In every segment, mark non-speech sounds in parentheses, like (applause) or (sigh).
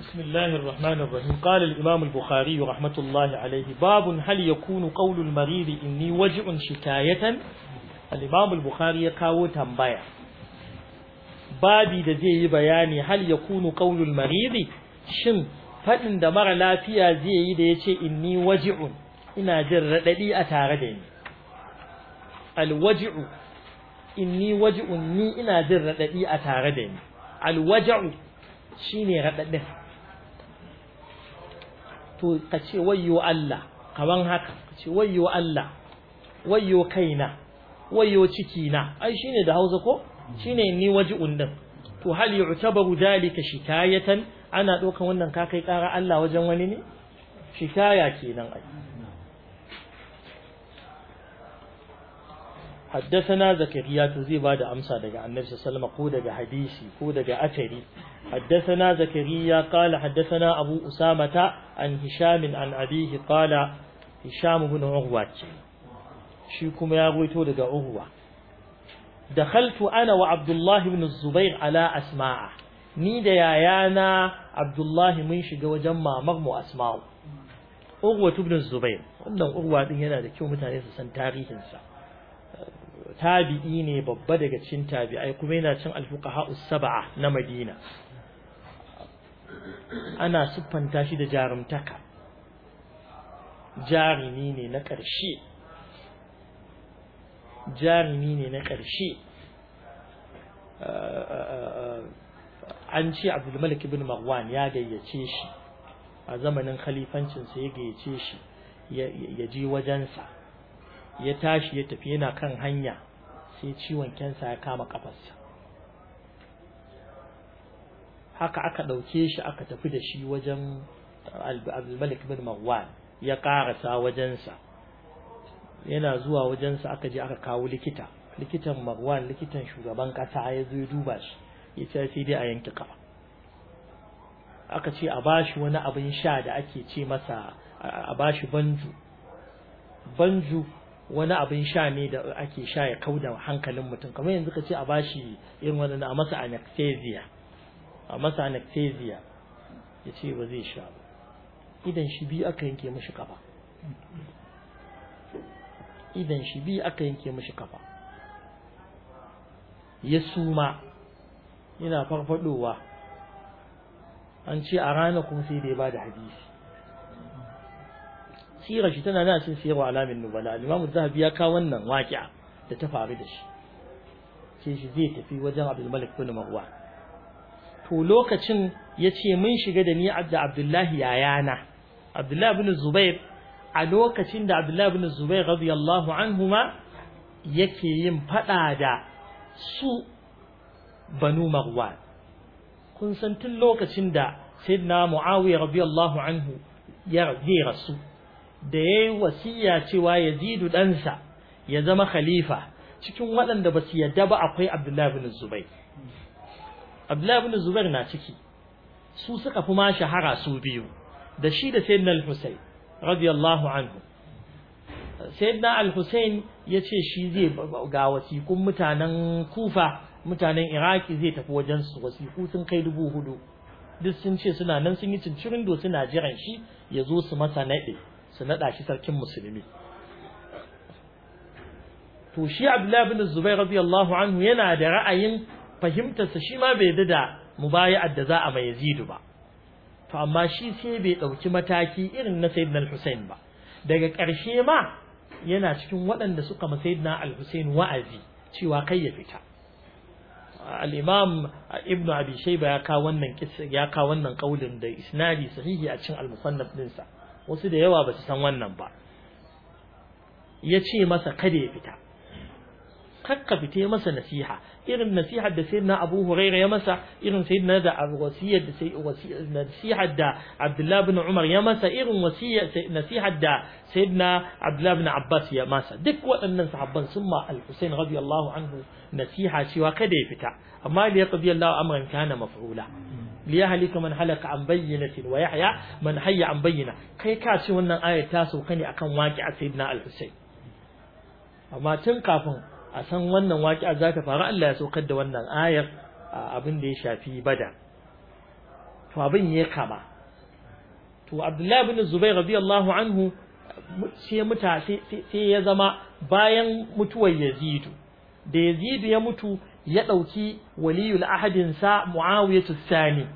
بسم الله الرحمن الرحيم قال الإمام البخاري رحمة الله عليه باب هل يكون قول المريض إني وجع شكاية الإمام البخاري قاوة تنبيع بابي دزيه بياني هل يكون قول المريض شن فإن دمر لا فيها زي ديشي إني وجع إنا جر لدي أتاردين الوجع إني وجع إني إنا جر لدي أتاردين الوجع شيني رددين to ka ce wayo Allah kaman haka ka ce wayo Allah wayyo kaina ciki na ai shine da Hausa ko shine ni waji undin to hal yu'tabaru dalika shikayatan ana ɗaukan wannan ka kai ƙara Allah wajen wani ne shikaya kenan ai حدثنا زكريا تزي بعد أمسى دقى النبي صلى الله عليه وسلم قودة حديثي قودة أثري حدثنا زكريا قال حدثنا أبو أسامة عن هشام عن أبيه قال هشام بن عروة شيكم يا غويتو دقى عروة دخلت أنا وعبد الله بن الزبير على أسماء ni da yayana Abdullahi mun shiga wajen mamar mu Asma'u Urwa ibn Zubair wannan Urwa din yana da kyau mutane su san tarihinsa tabi'i ne babba daga cikin tabi'ai kuma yana cin alfuqaha us-sab'a na Madina ana siffanta shi da jarumtaka jarumi ne na ƙarshe jarumi ne na ƙarshe eh, eh, eh, an ce abdulmalik ibn marwan ya gayyace shi a zamanin khalifancinsa ya gayyace shi ya je wajensa ya tashi ya tafi yana kan hanya sai ciwon kensa ya kama kafarsa haka aka ɗauke shi aka tafi da shi wajen Malik bin marwan ya ƙarasa wajensa yana zuwa wajensa aka je aka kawo likita likitan marwan likitan shugaban ƙasa ya zo ya duba shi ya ce sai dai a yanke kafa aka ce a bashi wani abin sha da ake ce masa a bashi banju banju wani abin sha ne da ake sha ya kauda hankalin mutum kamar yanzu ka ce a bashi irin wani a masa anesthesia a masa anesthesia ya ce ba zai sha ba idan shi biyu aka yanke mashi kafa idan shi bi aka yanke mashi kafa ya suma yana farfadowa an ce a rana kuma sai da ya ba da hadisi sirar shi tana nan cikin siyarwa alamin nubala al zahabi ya kawo wannan waƙi'a da ta faru da shi ce shi zai tafi wajen abdul malik bin marwan to lokacin ya ce mun shiga da ni da abdullahi yayana abdullahi bin zubair a lokacin da abdullahi bin zubair radiyallahu anhuma yake yin fada da su banu marwan kun san tun lokacin da sayyidina muawiya radiyallahu anhu ya rasu da yayi wasiya cewa Yazidu ɗansa ya zama khalifa cikin waɗanda ba su yadda ba akwai Abdullahi ibn Zubair Abdullahi ibn Zubair na ciki su suka fi ma shahara su biyu da shi da Sayyidina Al-Husayn radiyallahu anhu Sayyidina Al-Husayn ce shi zai ga wasiƙun mutanen Kufa mutanen Iraki zai tafi wajen su wasiku sun kai dubu hudu duk sun ce suna nan sun yi cincirin do suna jiran shi ya zo su masa naɗe su naɗa shi sarkin musulmi to shi Abdullahi bin Zubair radiyallahu anhu yana da ra'ayin fahimtarsa shi ma bai dada mubaya'ar da za a mai Yazidu ba to amma shi sai bai ɗauki mataki irin na Sayyidina al ba daga ƙarshe ma yana cikin waɗanda suka ma Sayyidina Al-Husayn wa'azi cewa kai ya fita al-Imam Ibn Abi Shayba ya kawo wannan kissa ya kawo wannan kaulin da isnadi sahihi a cikin al-Musannaf wasu da yawa ba su san wannan ba ya ce masa kada ya fita kakka ya masa nasiha irin nasiha da na Abu Huraira ya masa irin sayyidina da wasiyar da sai nasihar da Abdullah ibn Umar ya masa irin wasiyar nasihar da sayyidina Abdullah ibn Abbas ya masa duk waɗannan sahabban sun ma Al-Husayn radiyallahu anhu nasiha cewa kada ya fita amma li yaqdi Allahu amran kana maf'ula liyahlika man halaka an bayyinatin wa yahya man hayya an bayyana. kai ka ce wannan ayat ta sauka ne akan waki a sayyidina al-husayn amma tun kafin a san wannan waki a zata faru Allah ya saukar da wannan ayar abin da ya shafi bada to abin ya kama to Abdullahi ibn Zubair radiyallahu anhu sai mutane sai ya zama bayan mutuwar Yazidu da Yazidu ya mutu ya ɗauki waliyul ahadinsa mu'awiyar sani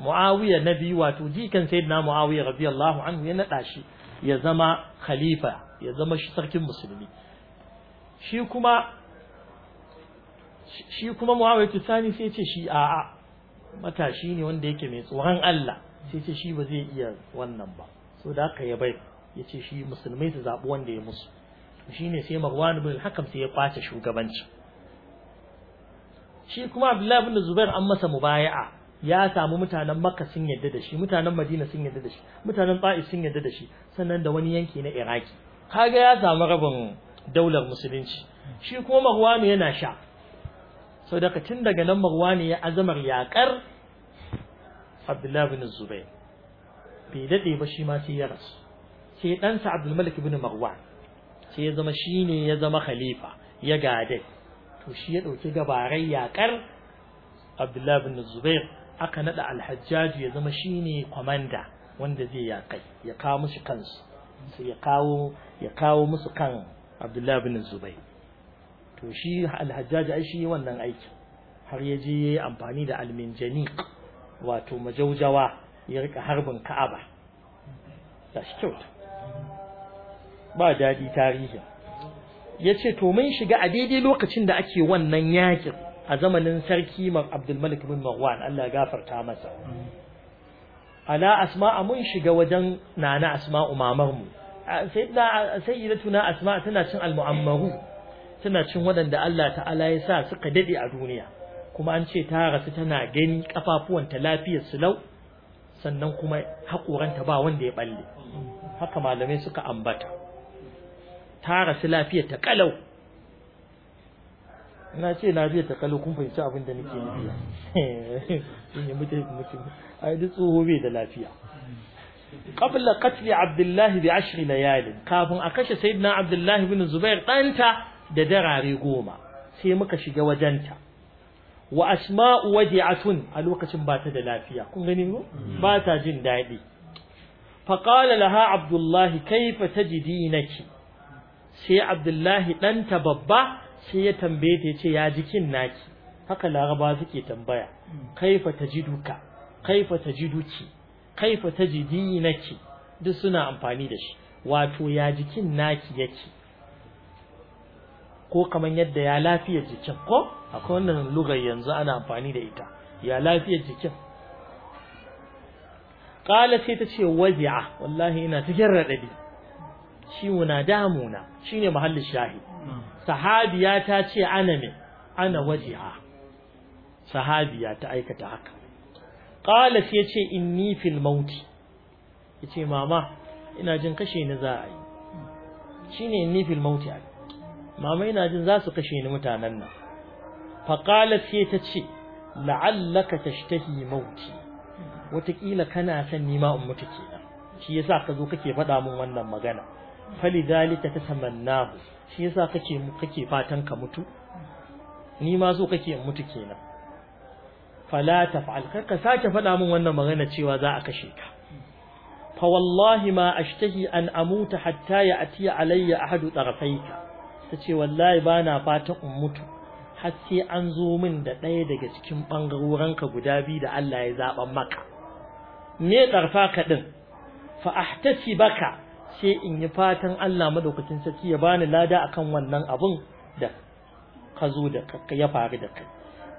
Mu'awiyar na biyu wato jikan sayyidina rabi radiyallahu anhu ya naɗa shi ya zama khalifa ya zama shi sarkin musulmi shi kuma shi kuma sai ce shi a'a matashi ne wanda yake mai tsoron Allah sai ce shi ba zai iya wannan ba so da haka ya bai ya ce shi musulmai su zaɓi wanda ya musu ne sai Marwan ibn hakam sai ya kwace shugabanci shi kuma Abdullahi ibn Zubair an masa mubaya'a ya samu mutanen Makka sun yadda da shi mutanen Madina sun yadda da shi mutanen Ta'if sun yadda da shi sannan da wani yanki na Iraki kaga ya samu rabin daular musulunci shi kuma Marwan yana sha sau daga tun daga nan Marwan ya azamar yakar Abdullahi ibn Zubair bai dade ba shi ma sai ya rasu sai ɗansa Abdul Malik ibn Marwan sai ya zama shine ya zama khalifa ya gade to shi ya ɗauki gabarai yaƙar abdullahi bin zubair aka naɗa alhajjaju ya zama shine kwamanda wanda zai yaƙai ya kawo musu kansu ya kawo ya kawo musu kan abdullahi bin zubair to shi alhajjaju ai shi wannan aiki har ya je ya yi amfani da alminjani wato majaujawa ya rika harbin ka'aba da shi kyauta ba daɗi tarihin ya ce to mun shiga a daidai lokacin da ake wannan yakin a zamanin sarki abdulmalik bin marwan Allah gafarta masa ala asma mun shiga wajen nana asma'u mamar mu sayyidatuna asma'a tana cin almu'ammaru tana cin waɗanda Allah ta'ala ya sa suka dade a duniya kuma an ce ta rasu tana gani kafafuwanta lafiyar su lau sannan kuma haƙoranta ba wanda ya balle haka malamai suka ambata ta rasu lafiyar ta kalau na ce lafiyar ta kalau kun fahimci abin da nake nufi (laughs) ne yi. mutum ai duk tsoho bai da lafiya qabla abdullah bi ashri kafin a kashe sayyidina abdullah ibn zubair danta da darare goma sai muka shiga wajenta wa asma'u wadi'atun a lokacin ba ta da lafiya kun gani ko mm. ba ta jin daɗi فقال لها عبد الله كيف تجدينك sai abdullahi ɗanta babba sai ya tambaye ta ce ya jikin naki haka laraba suke tambaya kaifa tajiduka kaifa tajiduki kaifa tajidinaki duk suna amfani da shi wato ya jikin naki yake ko kamar yadda ya lafiya jikin ko akwai wannan lugar yanzu ana amfani da ita ya lafiyar jikin qala sai ta ce wazi'a wallahi ina cikin raɗaɗi. ciwo na damuna shine mahallin shahi sahabiya ta ce ana me ana wajiha sahabiya ta aikata haka qala sai ce inni fil mauti yace mama ina jin kashe ni za a yi shine inni fil mauti mama ina jin za su kashe ni mutanen nan fa qala sai ta ce la'allaka tashtahi mauti Wataƙila kana son nima in mutu kenan shi yasa ka zo kake faɗa min wannan magana falidhalika tatamannahu shi yasa kake kake fatan ka mutu ni ma so kake in mutu kenan fala taf'al ka sake faɗa min wannan magana cewa za a kashe ka fa wallahi ma ashtahi an amuta hatta ya alayya ahadu tarafaika tace wallahi bana fatan in mutu har sai an zo min da ɗaya daga cikin ɓangarorinka guda biyu da Allah ya zaɓan maka me tsarfa ka ɗin fa ahtasi baka sai in yi fatan Allah madaukakin sarki ya bani lada akan wannan abun da ka zo da ya faru da kai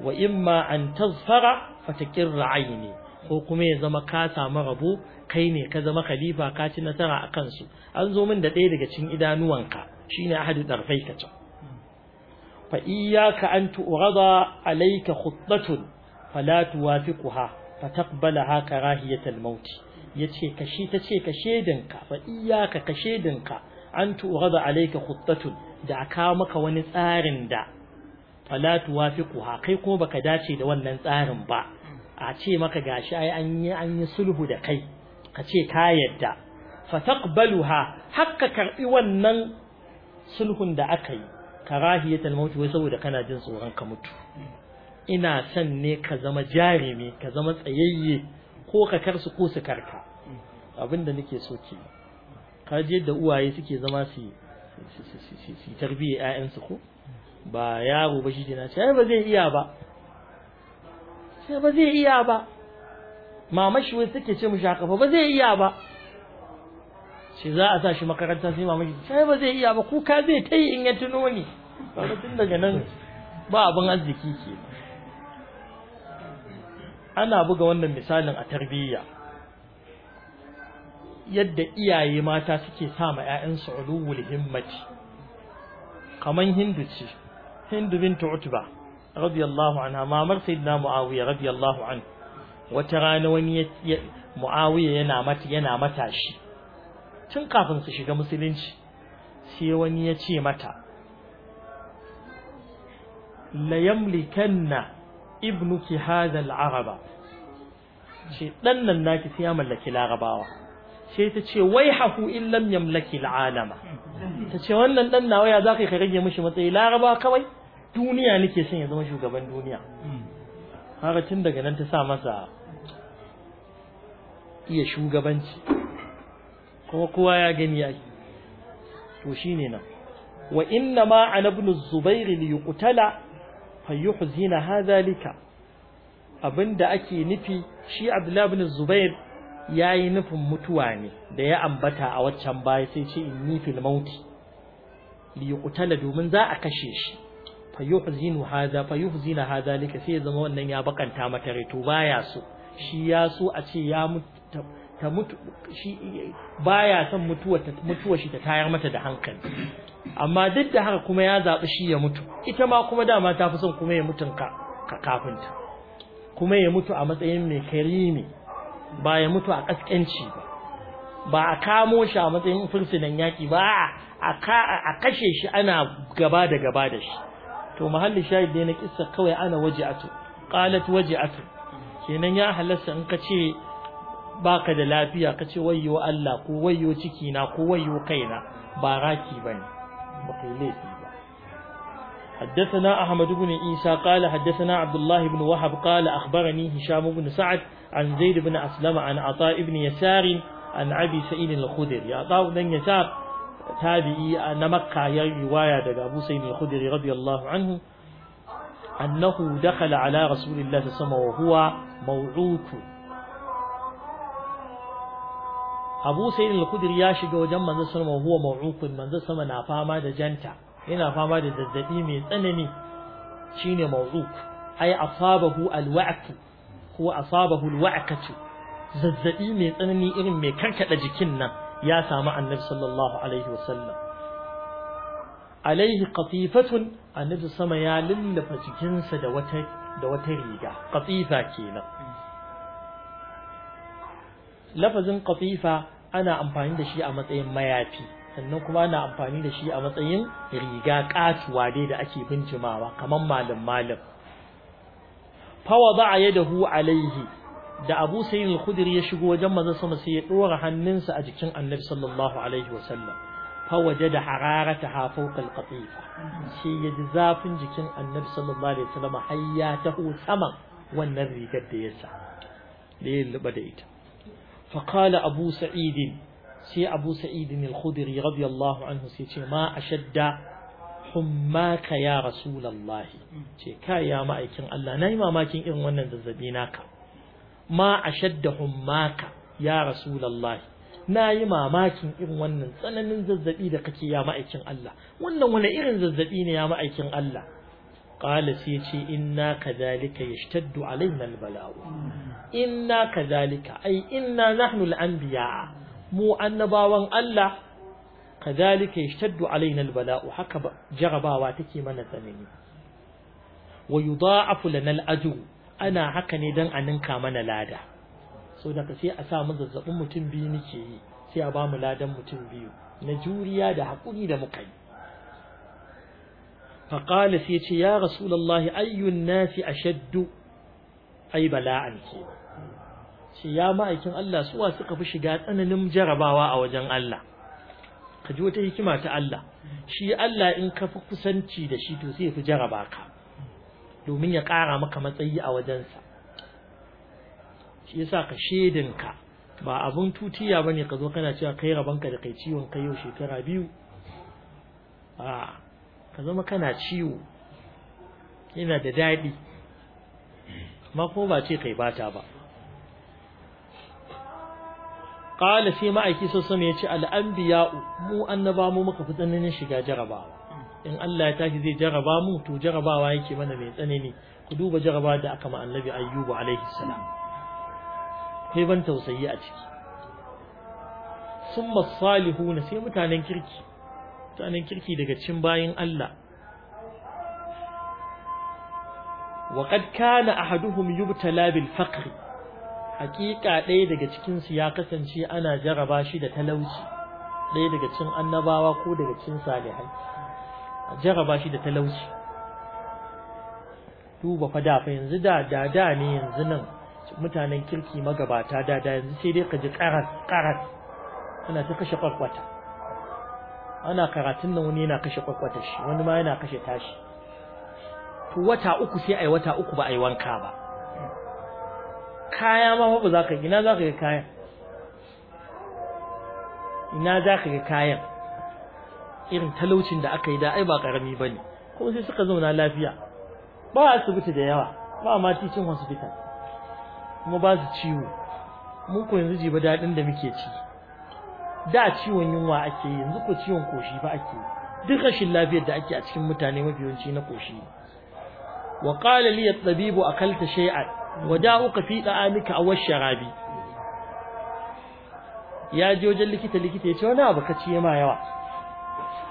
wa imma an tazfara fatakirra aini ko kuma ya zama ka samu rabo kai ne ka zama khalifa ka ci nasara a kansu an zo min da ɗaya daga cikin idanuwanka shine ahadi darfai ka can fa iyyaka an tu'rada alayka khuttatun fala tuwafiquha fataqbalaha karahiyat al-maut yace kashi tace ka shedinka fa iyyaka ka shedinka an tu'rada alayka khuttatun da aka maka wani tsarin da fala tuwafiquha kai ko baka dace da wannan tsarin ba a ce maka gashi ai an yi an yi sulhu da kai ka ce ka yadda fa taqbaluha hakka karbi wannan sulhun da aka yi karahiyatul maut wai saboda kana jin tsoron ka mutu ina son ne ka zama jarimi ka zama tsayayye ko ka karsu ko su karka abinda nake so ke ka ji da uwaye suke zama su su tarbiyya ƴaƴansu ko ba yaro ba shi ke na ce ba zai iya ba ce ba zai iya ba mama shi wai suke ce mu haka ba zai iya ba ce za a sa shi makaranta sai mama shi sai ba zai iya ba kuka zai ta yi in ya tuno ni ba tun daga nan ba abin arziki ke ana buga wannan misalin a tarbiyya yadda iyaye mata suke sa ma ƴaƴansu ulul himmati kaman hindu ce hindu bint utba radiyallahu anha mamar sayyidina muawiya radiyallahu an wata rana wani muawiya yana mata yana matashi tun kafin su shiga musulunci sai wani ya ce mata la yamlikanna ibnu ki al-araba ce dan naki sai ya mallaki larabawa sai ta ce wai haku in ya mallaki al'alama ta ce wannan dan nawa ya zaka ka rage mashi matsayi laraba kawai duniya nake son ya zama shugaban duniya haka tun daga nan ta sa masa iya shugabanci kuma kowa ya gani yaki to ne nan wa inna ma ana ibn zubair li fayyuhzina hadhalika abinda ake nufi shi Abdullah ibn Zubair yayi nufin mutuwa ne da ya ambata a waccan baya sai ce inni fil mauti li yuqtala domin za a kashe shi fayuhzinu hadha fayuhzina hadhalika sai zama wannan ya bakanta mata rai to baya so shi ya so a ce ya mutu ta mutu shi baya son mutuwa mutuwa shi ta tayar mata da hankali amma duk da haka kuma ya zaɓi shi ya mutu ita ma kuma dama ta fi son kuma ya mutu ka kafinta kuma ya mutu a matsayin mai karimi ba ya mutu a ƙasƙanci ba ba a kamo shi a matsayin fursunan yaƙi ba a kashe shi ana gaba da gaba da shi to mahallin shahid dai na kissa kawai ana waje waji'atu qalat atu kenan ya halasta in ka ce baka da lafiya ka ce wayyo Allah ko wayyo cikina ko wayyo kaina ba raki bane بقي حدثنا أحمد بن إيسى قال حدثنا عبد الله بن وهب قال أخبرني هشام بن سعد عن زيد بن أسلم عن عطاء بن يسار عن أبي سعيد الخدري عطاء بن يسار تابعي أن مكة رواية أبو سعيد الخدري رضي الله عنه أنه دخل على رسول الله صلى الله عليه وسلم وهو موعوك Abu Sayyid al-Khudri ya shiga wajen manzo sallama huwa maw'uqun manzo sama na fama da janta yana fama da zazzabi mai tsanani shine maw'uq ai asabahu al-wa'q ko asabahu al-wa'katu zazzabi mai tsanani irin mai karkada jikin nan ya samu annabi sallallahu alaihi wasallam alaihi qatifatun annabi sama ya lullafa jikinsa da wata da wata riga qatifa kenan lafazin qatifa ana amfani da shi a matsayin mayafi sannan kuma ana amfani da shi a matsayin riga katuwa dai da ake bincimawa kamar malam malam fa wada'a yadahu alaihi da Abu Sayyid al-Khudri ya shigo wajen manzon sama sai ya dora hannunsa a jikin Annabi sallallahu alaihi sallam. fa wajada hararataha fawqa al-qatifa shi ya ji zafin jikin Annabi sallallahu alaihi sallam hayya ta sama wannan rigar da ya sa da ya da ita فقال أبو سعيد سي أبو سعيد الخدري رضي الله عنه سي ما أشد حماك يا رسول الله سي كايا ما إكن الله نايما ما كن إن ونن زبيناك ما أشد حماك يا رسول الله na yi mamakin irin wannan tsananin zazzabi da kake ya ma'aikin Allah wannan wani irin zazzabi ne ya ma'aikin Allah qala sai ya ce inna kadhalika yashtaddu alaina albala'u inna kazalika ai inna nahnu al-anbiya mu annabawan Allah kazalika yashtaddu alaina al-bala'u haka jarabawa take mana tsanani wa yudha'afu lana al-ajr ana haka ne dan a ninka mana lada so da sai a sa mu zazzabin mutum biyu nake yi sai a ba mu ladan mutum biyu na juriya da hakuri da muka yi فقال سيتي يا رسول الله أي الناس أشد ai bala'an ce shi ya ma'aikin Allah suwa suka fi shiga tsananin jarabawa a wajen Allah ka ji wata hikima ta Allah shi Allah in ka fi kusanci da shi to sai fi jaraba ka domin ya ƙara maka matsayi a wajensa shi yasa ka shedinka ba abun tutiya bane ka zo kana cewa kai rabanka da kai ciwon kai yau shekara biyu a ka zama kana ciwo yana da daɗi amma kuma ba ce kai bata ba qala sai ma'aiki sosai ya ce al'anbiya'u mu annaba mu muka fi tsananin shiga jarabawa in Allah ya tashi zai jaraba mu to jarabawa yake mana mai tsanani ku duba jaraba da aka ma annabi ayyubu alaihi salam kai ban tausayi a ciki summa salihuna sai mutanen kirki mutanen kirki daga cin bayin Allah وقد كان أحدهم يبتلى بالفقر حقيقة ɗaya daga cikin su ya kasance ana jaraba shi da talauci ɗaya daga cikin annabawa ko daga cikin salihai jaraba shi da talauci duba fa da fa yanzu da da da ne yanzu nan mutanen kirki magabata da da yanzu sai dai ka ji karas karas ana ta kashe kwakwata ana karatun nan wani yana kashe kwakwata shi wani ma yana kashe tashi wata uku sai ai wata uku ba ai wanka ba kaya ma ba za ka ina za ka ga kaya ina za ka ga kayan irin talaucin da aka yi da ai ba karami bane ne kuma sai suka zauna lafiya ba asibiti da yawa ba ma titin hospital kuma ba su ciwo mun ko yanzu jiba daɗin da muke ci da ciwon yunwa ake yanzu ko ciwon koshi ba ake duk rashin lafiyar da ake a cikin mutane mafi yawanci na koshi ne wa qala a at-tabibu akalta shay'an wa uka fi da'amika a washe Rabi. ya ji wajen likita likita ya ce wani abu ka ciye ma yawa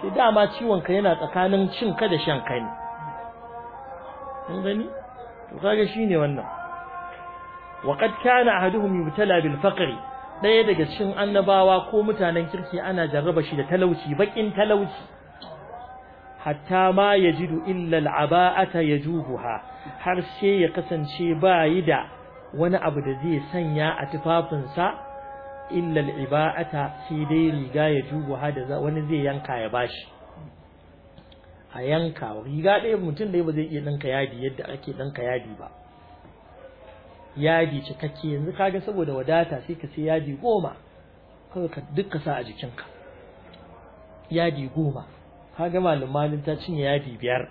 sai dama ciwon ka yana tsakanin cin ka da shan ka ne gani to kaga ne wannan wa qad kana ahaduhum yubtala bin faqri daya daga cikin annabawa ko mutanen kirki ana jarraba shi da talauci bakin talauci hatta ma ya illal aba'ata ya juguha, har sai ya kasance bayi da wani abu da zai sanya a tufafinsa illal iba'ata, sai dai riga ya juguha da wani zai yanka ya bashi a yanka riga ɗaya mutum ɗaya ba zai iya ɗinka yadi yadda ake ɗinka yadi ba yadi cikakke yanzu kaga saboda wadata sai ka sai yadi goma kawai ka duka sa a jikinka yadi goma kaga malumalin ta cinye yadi biyar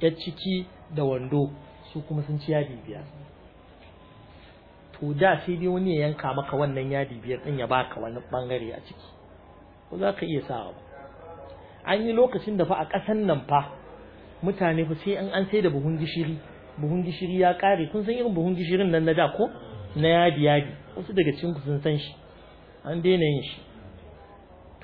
ya ciki da wando su kuma sun ci yadi biyar to da sai dai wani ya yanka maka wannan yadi biyar din ya baka wani bangare a ciki ko za ka iya sawa ba? an yi lokacin da fa a ƙasan nan fa mutane fa sai an an sai da buhun gishiri buhun gishiri ya kare kun san irin buhun gishirin nan na da ko na yadi yadi wasu daga cikin ku sun san shi an daina yin shi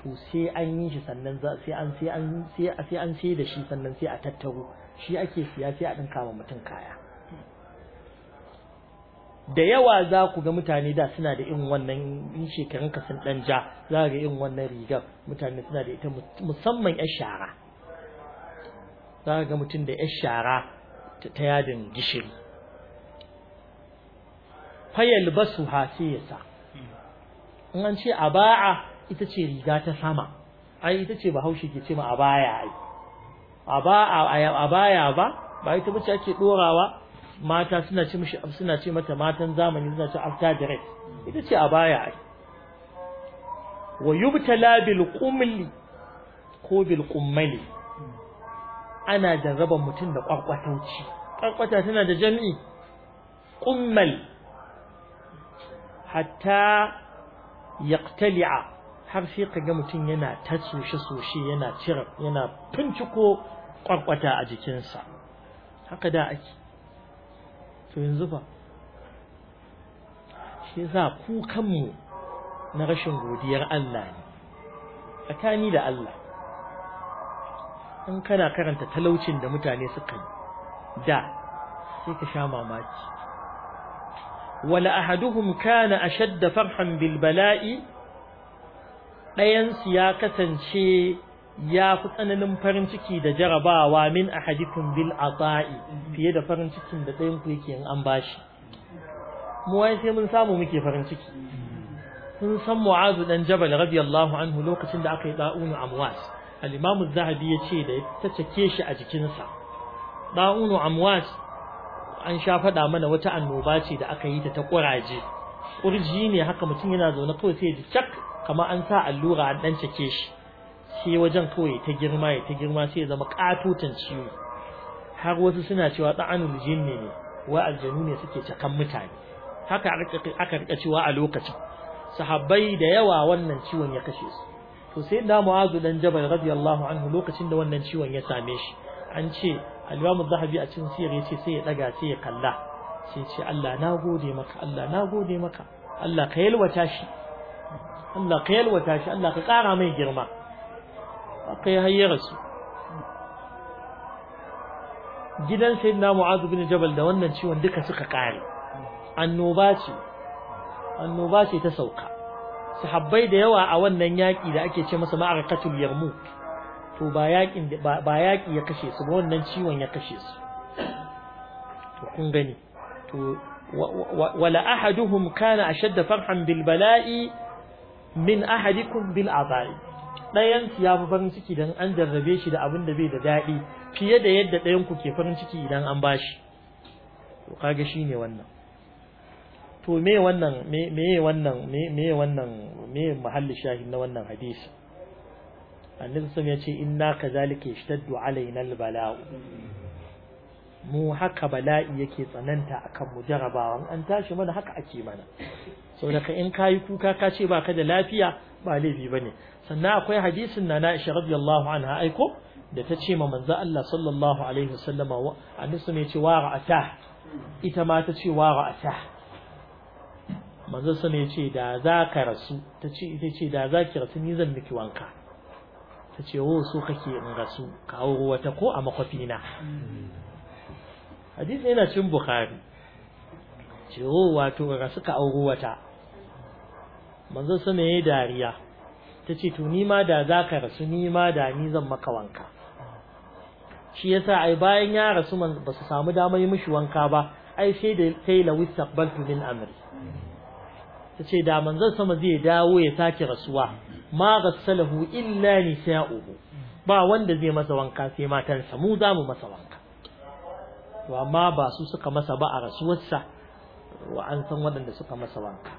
to sai an yi shi sannan sai an sai an sai an sai da shi sannan sai a tattaro shi ake siya sai a dinka wa mutum kaya da yawa za ku ga mutane da suna da irin wannan in shekarun ka sun dan ja za ga irin wannan rigar mutane suna da ita musamman yar shara za ga mutum da yar shara ta yadin gishiri fayal basu hasi yasa in an ce ba'a. ita ce riga ta sama ai ita ce bahaushe ke ce ma a baya ai a ba a baya ba ba ita bace ake dorawa mata suna ce mishi suna ce mata matan zamani suna ce after direct ita ce a baya ai wa yubtala bil qumli ko bil qummali ana jarraban mutum da kwakwatauci kwakwata tana da jami'i qummal hatta yaqtali'a har sai ka ga mutum yana ta soshe-soshe yana cire yana finciko kwarkwata a jikinsa haka da ake to yanzu ba shi za kukanmu na rashin godiyar Allah ne tsakani da Allah in kana karanta talaucin da mutane suka yi da sai ka sha mamaki wala ahaduhum kana ashadda farhan bil bala'i ɗayansu ya kasance ya fi tsananin farin ciki da jarabawa min a ahadikum bil ata'i fiye da farin cikin da ɗayan ku yake in an bashi mu wai sai mun samu muke farin ciki Sun san mu'azu dan jabal radiyallahu anhu lokacin da aka yi da'unu amwas al-imam Zahabi ya ce da ta cake shi a jikinsa da'unu amwas an sha faɗa mana wata annoba ce da aka yi ta ta ƙuraje ƙurji ne haka mutum yana zaune kawai sai ya ji cak kamar an sa allura an dan cike shi sai wajen kawai ta girma ya ta girma sai ya zama katotan ciwo har wasu suna cewa da'anul jinni ne wa aljanu ne suke cakan mutane haka aka rika cewa a lokacin sahabbai da yawa wannan ciwon ya kashe su to sai da mu'azu dan jabal radiyallahu anhu lokacin da wannan ciwon ya same shi an ce al-imam zahabi a cikin sirri yace sai ya daga sai ya kalla sai ce Allah na gode maka Allah na gode maka Allah ka yalwata shi Allah ka yalwata shi Allah ka ƙara mai girma aka yi hayyar su gidan sayyidina mu'adh bin jabal da wannan ciwon duka suka ƙare annoba ce annoba ce ta sauka sahabbai da yawa a wannan yaƙi da ake ce masa ma'arakatul yarmu to ba yaƙin ba yaƙi ya kashe su ba wannan ciwon ya kashe su to kun gani to wala ahaduhum kana ashadda farhan bil bala'i min ahadikum bil azai ɗayan ya fi farin ciki dan an jarrabe shi da abin da bai da daɗi fiye da yadda ɗayan ku ke farin ciki idan an bashi to kaga shine wannan to me wannan me me wannan me me wannan me mahalli shahin na wannan hadisi annabi sun ya ce inna kazalika yashtaddu alaina al bala'u mu haka bala'i yake tsananta akan mu jarabawan an tashi mana haka ake mana saboda ka in kayi kuka ka ce baka da lafiya ba laifi bane sannan akwai hadisin na Aisha radiyallahu anha aiko da ta ce ma manzo Allah sallallahu alaihi wasallama wa annabi ne ce wa ra'ata ita ma ta ce wa ra'ata manzo sun ne ce da za ka rasu ta ce ita ce da za ki rasu ni zan miki wanka ta ce wo oh, so kake in rasu kawo wata ko a makwafina hadisi yana cin bukhari ce o wato ga suka auro wata manzo sama yayi dariya tace to ni ma da zaka rasu ni ma da ni zan maka wanka shi yasa ai bayan ya rasu ba su samu damar yi mishi wanka ba ai sai da sai la wistaqbaltu min amri tace da manzon sama zai dawo ya sake rasuwa ma gassalahu illa nisa'uhu ba wanda zai masa wanka sai matansa mu zamu mu masa wanka to amma ba su suka masa ba a rasuwarsa wa an san waɗanda suka masa wanka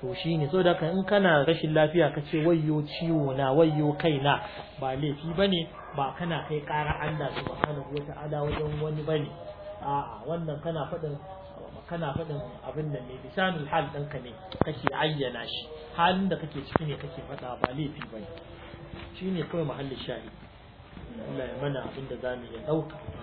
to shi ne so da in kana rashin lafiya ka ce wayyo ciwo na wayyo kaina ba laifi ba ne ba kana kai ƙara Allah subhanahu wa ta'ala wajen wani ba ne a'a wannan kana faɗin kana faɗin abin da ne bisanul hal ɗinka ne kake ayyana shi halin da kake ciki ne kake faɗa ba laifi ba ne shine kawai mahallin shahidi Allah ya mana abin da za mu iya ɗauka